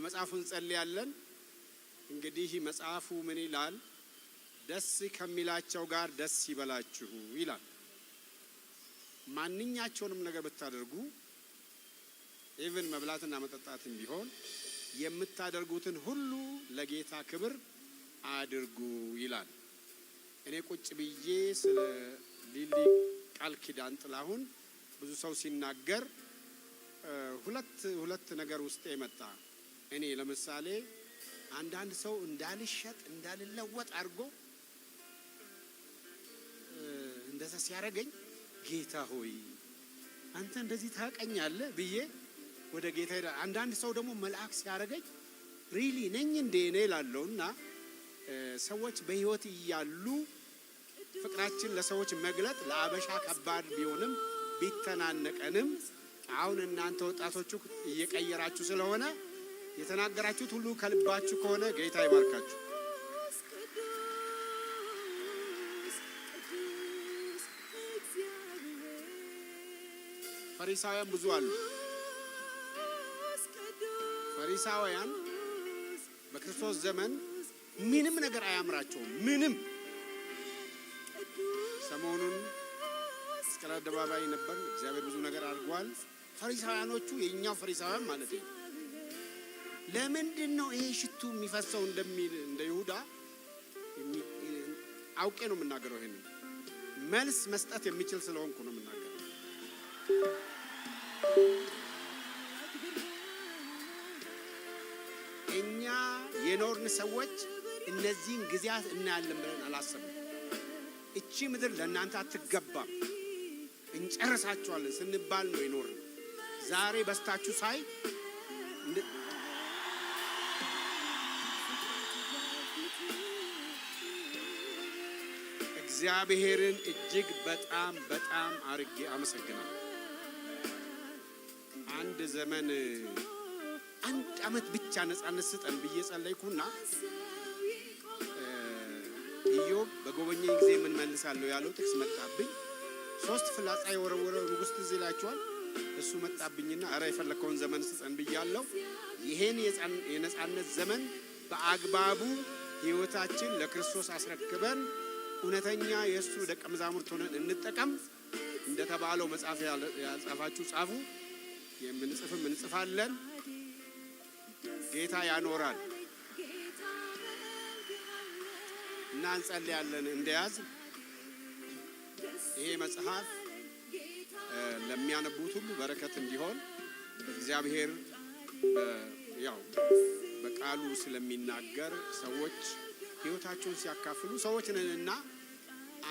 ለመጽሐፉ እንጸልያለን። እንግዲህ መጽሐፉ ምን ይላል? ደስ ከሚላቸው ጋር ደስ ይበላችሁ ይላል። ማንኛቸውንም ነገር ብታደርጉ ኢቭን መብላትና መጠጣትም ቢሆን የምታደርጉትን ሁሉ ለጌታ ክብር አድርጉ ይላል። እኔ ቁጭ ብዬ ስለ ሊሊ ቃል ኪዳን ጥላሁን ብዙ ሰው ሲናገር ሁለት ሁለት ነገር ውስጤ መጣ። እኔ ለምሳሌ አንዳንድ ሰው እንዳልሸጥ እንዳልለወጥ አድርጎ እንደዛ ሲያደርገኝ ጌታ ሆይ አንተ እንደዚህ ታውቀኛለህ ብዬ ወደ ጌታ ሄዳ። አንዳንድ ሰው ደግሞ መልአክ ሲያደርገኝ ሪሊ ነኝ እንዴ እኔ እላለሁ። እና ሰዎች በህይወት እያሉ ፍቅራችን ለሰዎች መግለጥ ለአበሻ ከባድ ቢሆንም ቢተናነቀንም አሁን እናንተ ወጣቶቹ እየቀየራችሁ ስለሆነ የተናገራችሁት ሁሉ ከልባችሁ ከሆነ ጌታ ይባርካችሁ። ፈሪሳውያን ብዙ አሉ። ፈሪሳውያን በክርስቶስ ዘመን ምንም ነገር አያምራቸውም። ምንም ሰሞኑን መስቀል አደባባይ ነበር። እግዚአብሔር ብዙ ነገር አድርጓል። ፈሪሳውያኖቹ የእኛው ፈሪሳውያን ማለት ነው ለምንድን ነው ይሄ ሽቱ የሚፈሰው እንደሚል እንደ ይሁዳ አውቄ ነው የምናገረው። ይሄን መልስ መስጠት የሚችል ስለሆንኩ ነው የምናገረው። እኛ የኖርን ሰዎች እነዚህን ጊዜያት እናያለን ብለን አላሰብም። እቺ ምድር ለእናንተ አትገባም፣ እንጨርሳችኋለን ስንባል ነው የኖርን። ዛሬ በስታችሁ ሳይ እግዚአብሔርን እጅግ በጣም በጣም አርጌ አመሰግናለሁ። አንድ ዘመን አንድ ዓመት ብቻ ነፃነት ስጠን ብዬ ጸለይኩና ኢዮብ በጎበኘኝ ጊዜ ምን መልሳለሁ ያለው ጥቅስ መጣብኝ። ሶስት ፍላጻ የወረወረ ንጉሥ ትዝ ይላችኋል። እሱ መጣብኝና እረ የፈለግከውን ዘመን ስጠን ብያለሁ። ይህን የነፃነት ዘመን በአግባቡ ሕይወታችን ለክርስቶስ አስረክበን እውነተኛ የእሱ ደቀ መዛሙርት ሆነን እንጠቀም። እንደተባለው መጽሐፍ ያጻፋችሁ ጻፉ። የምንጽፍም እንጽፋለን። ጌታ ያኖራል እና እንጸልያለን። እንደያዝ ይሄ መጽሐፍ ለሚያነቡት ሁሉ በረከት እንዲሆን እግዚአብሔር ያው በቃሉ ስለሚናገር ሰዎች ህይወታቸውን ሲያካፍሉ ሰዎች ነንና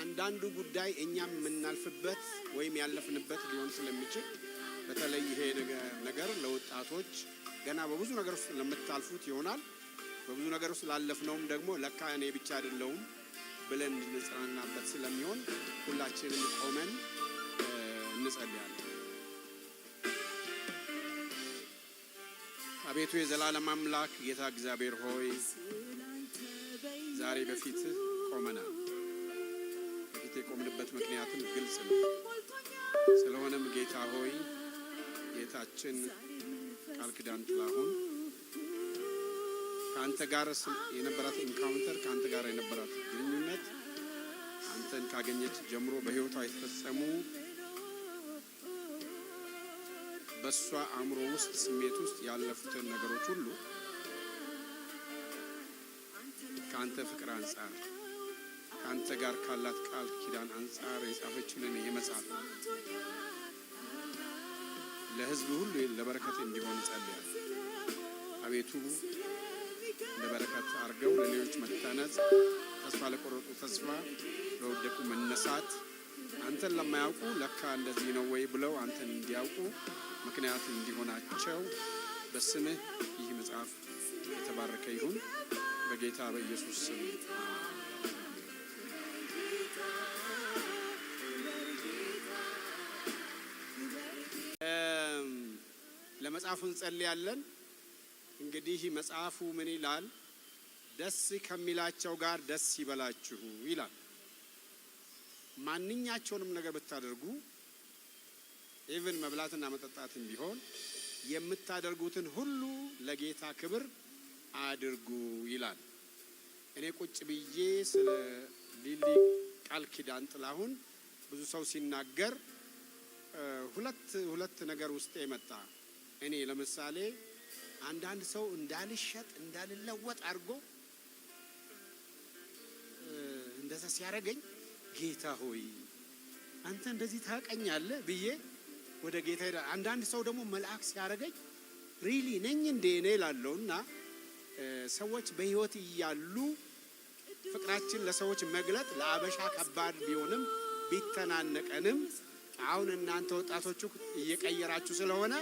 አንዳንዱ ጉዳይ እኛም የምናልፍበት ወይም ያለፍንበት ሊሆን ስለሚችል በተለይ ይሄ ነገር ለወጣቶች ገና በብዙ ነገር ውስጥ ለምታልፉት ይሆናል። በብዙ ነገር ውስጥ ላለፍነውም ደግሞ ለካ እኔ ብቻ አይደለውም ብለን እንድንጽናናበት ስለሚሆን ሁላችንም ቆመን እንጸልያለን። አቤቱ የዘላለም አምላክ ጌታ እግዚአብሔር ሆይ ዛሬ በፊት ቆመናል። በፊት የቆምንበት ምክንያትም ግልጽ ነው። ስለሆነም ጌታ ሆይ ጌታችን ቃል ኪዳን ጥላሁን ከአንተ ጋር የነበራት ኢንካውንተር ከአንተ ጋር የነበራት ግንኙነት አንተን ካገኘች ጀምሮ በሕይወቷ የተፈጸሙ በእሷ አእምሮ ውስጥ ስሜት ውስጥ ያለፉትን ነገሮች ሁሉ ከአንተ ፍቅር አንጻር ከአንተ ጋር ካላት ቃል ኪዳን አንጻር የጻፈችልን የመጽሐፍ ለሕዝብ ሁሉ ለበረከት እንዲሆን ጸልያል። አቤቱ ለበረከት አድርገው ለሌሎች መታነጽ፣ ተስፋ ለቆረጡ ተስፋ፣ ለወደቁ መነሳት፣ አንተን ለማያውቁ ለካ እንደዚህ ነው ወይ ብለው አንተን እንዲያውቁ ምክንያት እንዲሆናቸው በስምህ ይህ መጽሐፍ የተባረከ ይሁን። በጌታ በኢየሱስ ስም ለመጽሐፉ እንጸልያለን። እንግዲህ መጽሐፉ ምን ይላል? ደስ ከሚላቸው ጋር ደስ ይበላችሁ ይላል። ማንኛቸውንም ነገር ብታደርጉ ኢቭን መብላትና መጠጣትም ቢሆን የምታደርጉትን ሁሉ ለጌታ ክብር አድርጉ ይላል። እኔ ቁጭ ብዬ ስለ ሊሊ ቃል ኪዳን ጥላሁን ብዙ ሰው ሲናገር ሁለት ሁለት ነገር ውስጤ መጣ። እኔ ለምሳሌ አንዳንድ ሰው እንዳልሸጥ እንዳልለወጥ አድርጎ እንደዛ ሲያደርገኝ ጌታ ሆይ አንተ እንደዚህ ታውቀኛለህ ብዬ ወደ ጌታ ሄዳ፣ አንዳንድ ሰው ደግሞ መልአክ ሲያደርገኝ ሪሊ ነኝ እንዴ እኔ ላለውና ሰዎች በህይወት እያሉ ፍቅራችን ለሰዎች መግለጥ ለአበሻ ከባድ ቢሆንም ቢተናነቀንም አሁን እናንተ ወጣቶቹ እየቀየራችሁ ስለሆነ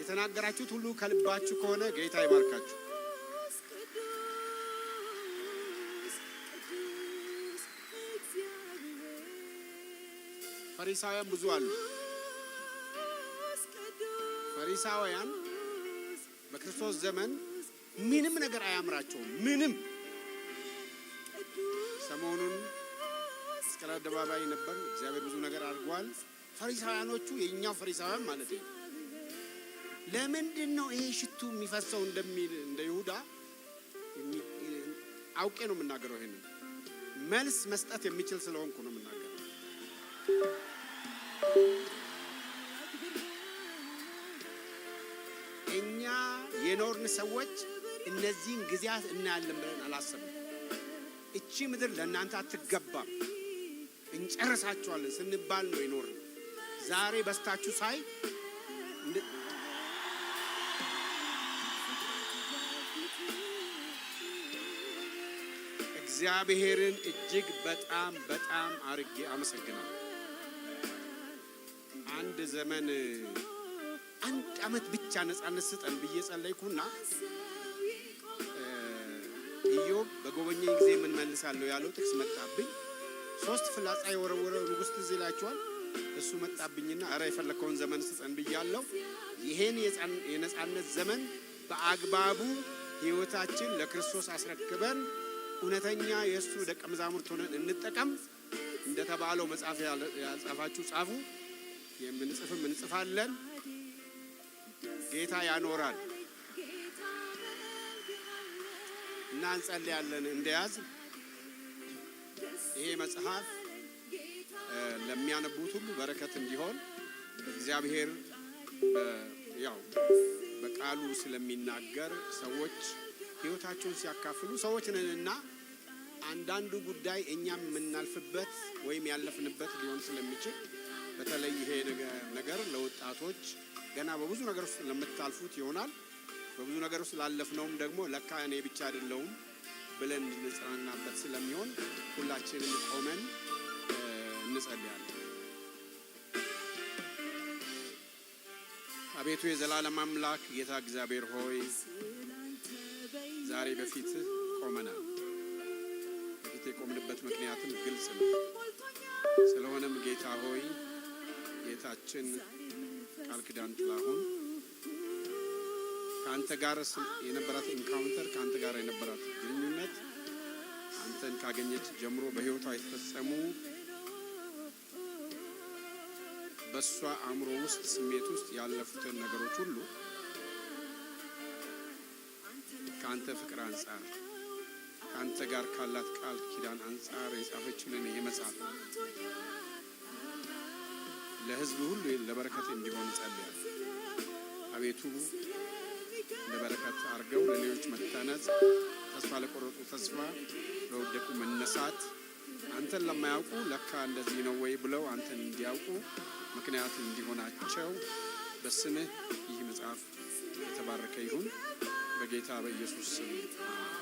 የተናገራችሁት ሁሉ ከልባችሁ ከሆነ ጌታ ይባርካችሁ። ፈሪሳውያን ብዙ አሉ። ፈሪሳውያን በክርስቶስ ዘመን ምንም ነገር አያምራቸውም። ምንም ሰሞኑን መስቀል አደባባይ ነበር። እግዚአብሔር ብዙ ነገር አድርጓል። ፈሪሳውያኖቹ የእኛው ፈሪሳውያን ማለት ነው። ለምንድን ነው ይሄ ሽቱ የሚፈሰው እንደሚል እንደ ይሁዳ አውቄ ነው የምናገረው። ይሄንን መልስ መስጠት የሚችል ስለሆንኩ ነው የምናገረው። እኛ የኖርን ሰዎች እነዚህን ጊዜያት እናያለን ብለን አላሰብም። እቺ ምድር ለእናንተ አትገባም፣ እንጨርሳችኋለን ስንባል ነው ይኖር ዛሬ በስታችሁ ሳይ እግዚአብሔርን እጅግ በጣም በጣም አርጌ አመሰግናለሁ። አንድ ዘመን አንድ ዓመት ብቻ ነፃነት ስጠን ብዬ ጸለይኩና ኢዮብ በጎበኘኝ ጊዜ ምን መልሳለሁ ያለው ጥቅስ መጣብኝ። ሶስት ፍላጻ የወረወረ ንጉሥ ትዝ ይላችኋል። እሱ መጣብኝና እረ የፈለግከውን ዘመን ስጠን ብያለሁ። ይሄን የነፃነት ዘመን በአግባቡ ሕይወታችን ለክርስቶስ አስረክበን እውነተኛ የእሱ ደቀ መዛሙርት ሆነን እንጠቀም። እንደተባለው መጽሐፍ ያልጻፋችሁ ጻፉ። የምንጽፍም እንጽፋለን። ጌታ ያኖራል። እና እንጸልያለን እንደያዝ ይሄ መጽሐፍ ለሚያነቡት ሁሉ በረከት እንዲሆን እግዚአብሔር ያው በቃሉ ስለሚናገር ሰዎች ሕይወታቸውን ሲያካፍሉ ሰዎች ነንና አንዳንዱ ጉዳይ እኛም የምናልፍበት ወይም ያለፍንበት ሊሆን ስለሚችል በተለይ ይሄ ነገር ለወጣቶች ገና በብዙ ነገር ውስጥ ለምታልፉት ይሆናል። በብዙ ነገር ውስጥ ነውም ደግሞ ለካ እኔ ብቻ አይደለውም ብለን እንድንጽናናበት ስለሚሆን ሁላችንም ቆመን እንጸልያለን። አቤቱ የዘላለም አምላክ ጌታ እግዚአብሔር ሆይ ዛሬ በፊት ቆመናል። በፊት የቆምንበት ምክንያትም ግልጽ ነው። ስለሆነም ጌታ ሆይ ጌታችን ቃል ኪዳን ጥላሁን ከአንተ ጋር የነበራት ኢንካውንተር ከአንተ ጋር የነበራት ግንኙነት አንተን ካገኘች ጀምሮ በህይወቷ የተፈጸሙ በእሷ አእምሮ ውስጥ ስሜት ውስጥ ያለፉትን ነገሮች ሁሉ ከአንተ ፍቅር አንጻር ከአንተ ጋር ካላት ቃል ኪዳን አንጻር የጻፈችልን የመጽሐፍ ለህዝብ ሁሉ ለበረከት እንዲሆን ጸልያል። አቤቱ ለበረከት አድርገው ለሌሎች መታነጽ ተስፋ ለቆረጡ ተስፋ ለወደቁ መነሳት አንተን ለማያውቁ ለካ እንደዚህ ነው ወይ ብለው አንተን እንዲያውቁ ምክንያት እንዲሆናቸው በስምህ ይህ መጽሐፍ የተባረከ ይሁን በጌታ በኢየሱስ ስም